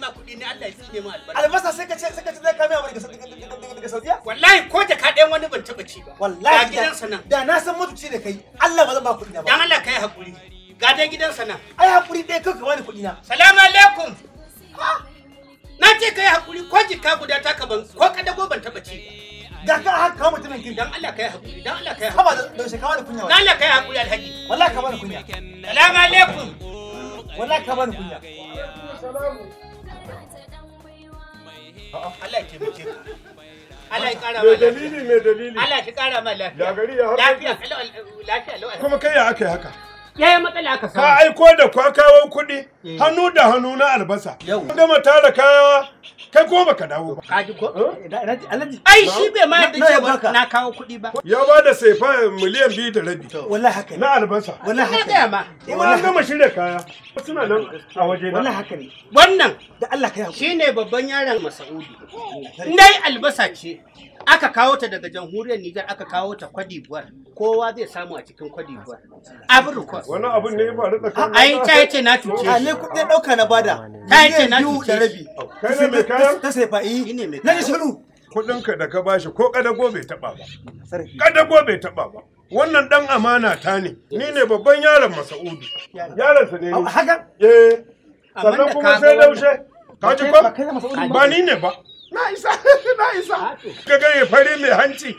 ma kuɗi ne Allah ya tsine albarka albasa sai ka ce sai ka ce zai kame abu daga Saudiya wallahi ko da ka wani ban taɓa ci ba wallahi gidan sanan da na san mutunci da kai Allah ba zan ba kuɗi na ba dan Allah kai hakuri ga gidan sanan ai hakuri dai kanka wani kuɗi na salamu alaikum na ce kai hakuri ko jika guda ta ka ban ko ka dago ban taɓa ci ga ka haka kawo mutumin kin dan Allah kai hakuri dan Allah kai haba da shi kawo da kunya dan Allah kai hakuri alhaji wallahi ka bani kunya salamu alaikum wallahi ka bani kunya Allah ya taimake Allah ya kara ma dalili me dalili. Allah ya kara ma lafiya. Ya gari ya har lafiya. Lafiya Kuma kai ya aka yi haka. Yaya matsala aka samu? Ka aiko da kwakawan kuɗi eh. hannu da hannu na albasa. Yau. Kun gama tara kayawa. kai ko baka dawo ba kaji ko eh? Eh, alhaji ai shi bai ma cewa na kawo kuɗi ba ya ba da miliyan biyu da rabi wallahi haka na albasa wallahi haka ne ma an gama shirya kaya suna nan a waje na wallahi haka ne wannan da Allah kai hakuri shine babban yaron Masaudi dai albasa ce aka kawo ta daga jamhuriyar Nijar aka kawo ta buwar kowa zai samu a cikin Kwadibuwar Abirikos wani abun ne ba da tsakanin ai ta yace na cuce ne dauka na bada ta yace na cuce rabi kai ne mai ta sefa yi na ji shiru kudinka da ka bashi ko kadago bai taba ba kadago bai taba ba wannan dan amana ta ne ni ne babban yaron masa'udu yaron sa ne haka eh sannan kuma sai laushe ka ji ko ba ni ne ba na isa na isa ka ga ya fari mai hanci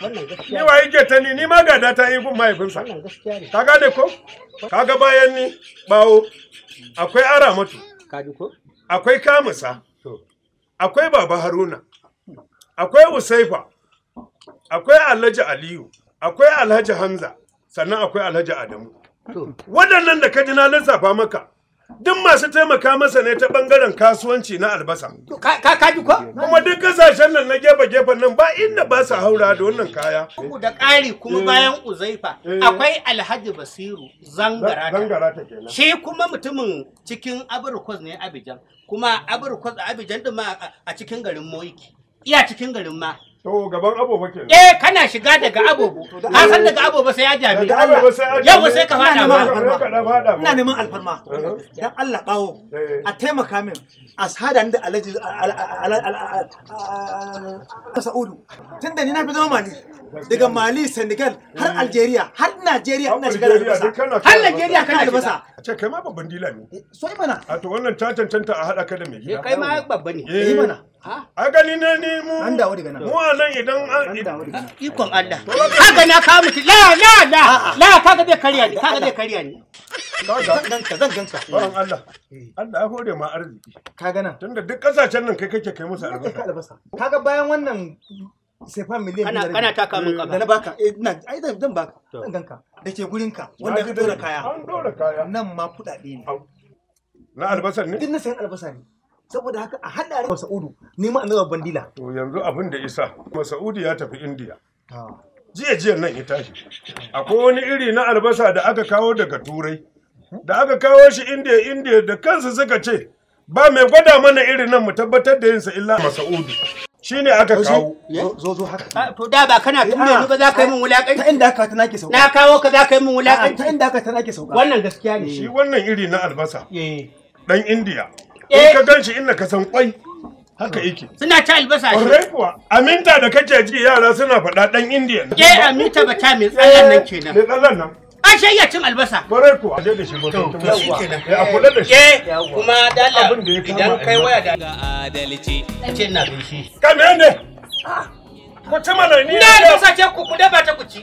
ni wa yake ta ni ni ma ga da ta yi gun mahaifinsa ka gane ko ka ga bayan ni bawo akwai aramatu akwai kamusa akwai baba haruna akwai usaifa akwai alhaji aliyu akwai alhaji hamza sannan akwai alhaji adamu waɗannan da ka ji na lissafa maka duk masu taimaka masa ne ta bangaren kasuwanci na albasa. Ka kaji ko? Kuma duk kasashen nan na gefe-gefen nan ba inda ba su haura da wannan kaya. Uku da ƙari kuma eh. bayan Uzaifa eh. akwai Alhaji Basiru Zangarata. Shi kuma mutumin cikin Abirkos ne Abidjan. Kuma Abirkos Abidjan din ma a cikin garin Moiki. Iya cikin garin ma. To gaban abubuwa Eh kana shiga daga abubu. Ka san daga abubu sai ya jami. Yau sai ka fada ma. Ina neman alfarma. Dan Allah bawo A taimaka min. A sada ni da Alhaji Sa'udu. Tunda ni na fi zama mali. daga mali senegal har eh. algeria har nigeria ina shiga da albasa har nigeria kan albasa a ce kai ma babban dila ne eh, so mana a to wannan ta cancanta a haɗa ka da mai gida eh, kai ma babba ne yi mana a gani ne ni mu an dawo daga nan mu a nan idan an ikon allah ka na ka mutu la la la la ka ga zai karya ne ka ga zai karya ne zan ganka bawan Allah Allah ya hore ma arziki ka tunda duk kasashen nan kai kake kai musu albasa kaga bayan wannan sai fa miliyan biyar kana taka min eh, kafa da na baka eh ina ai dan dan baka dan ganka da ke gurin ka wanda ka dora kaya an dora kaya nan ma kudade ne na albasar ne din na sayan albasa ne saboda haka a hada da Saudu neman annabi bandila to yanzu abin da isa Masaudu ya tafi India jiya jiya nan ya tashi akwai wani iri na albasa da aka kawo daga turai da aka kawo shi indiya indiya da kansa suka ce ba mai gwada mana irin nan mu tabbatar da yinsa illa masa'udu shi ne aka kawo zo zo haka to da ba kana eh, ne ba za ka yi min wulakanci ta inda ka tana ke sauka na kawo ka za ka yi min wulakanci ta inda ka tana ke sauka wannan gaskiya ne shi wannan iri na albasa eh. dan indiya in eh. ka ganshi inda ka san kwai haka yake suna ta albasa shi kuwa aminta da kake ji yara suna faɗa dan indiya eh aminta ba ta mai tsallan nan kenan mai tsallan nan an shayya cin albasa kwarai kuwa a da shi ba to shi kenan a kula da shi kuma dala idan kai waya da adalci. Ce na bishi. me ne? Ko ce mana ni. Na albasa ce ku kuda ba ta ku ci.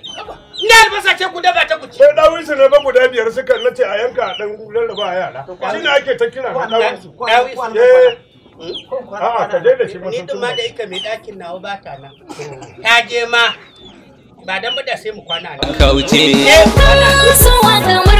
Na albasa ce kuda ba ta ku ci. Sai dawun su ne ba guda biyar suka nace a yanka dan rarraba a yara. Shi ne ake ta kira na dawun su. A'a ka daina shi Ni duma da ika mai nawa ba ta nan. Ta je ma ba dan bada sai mu kwana kwana.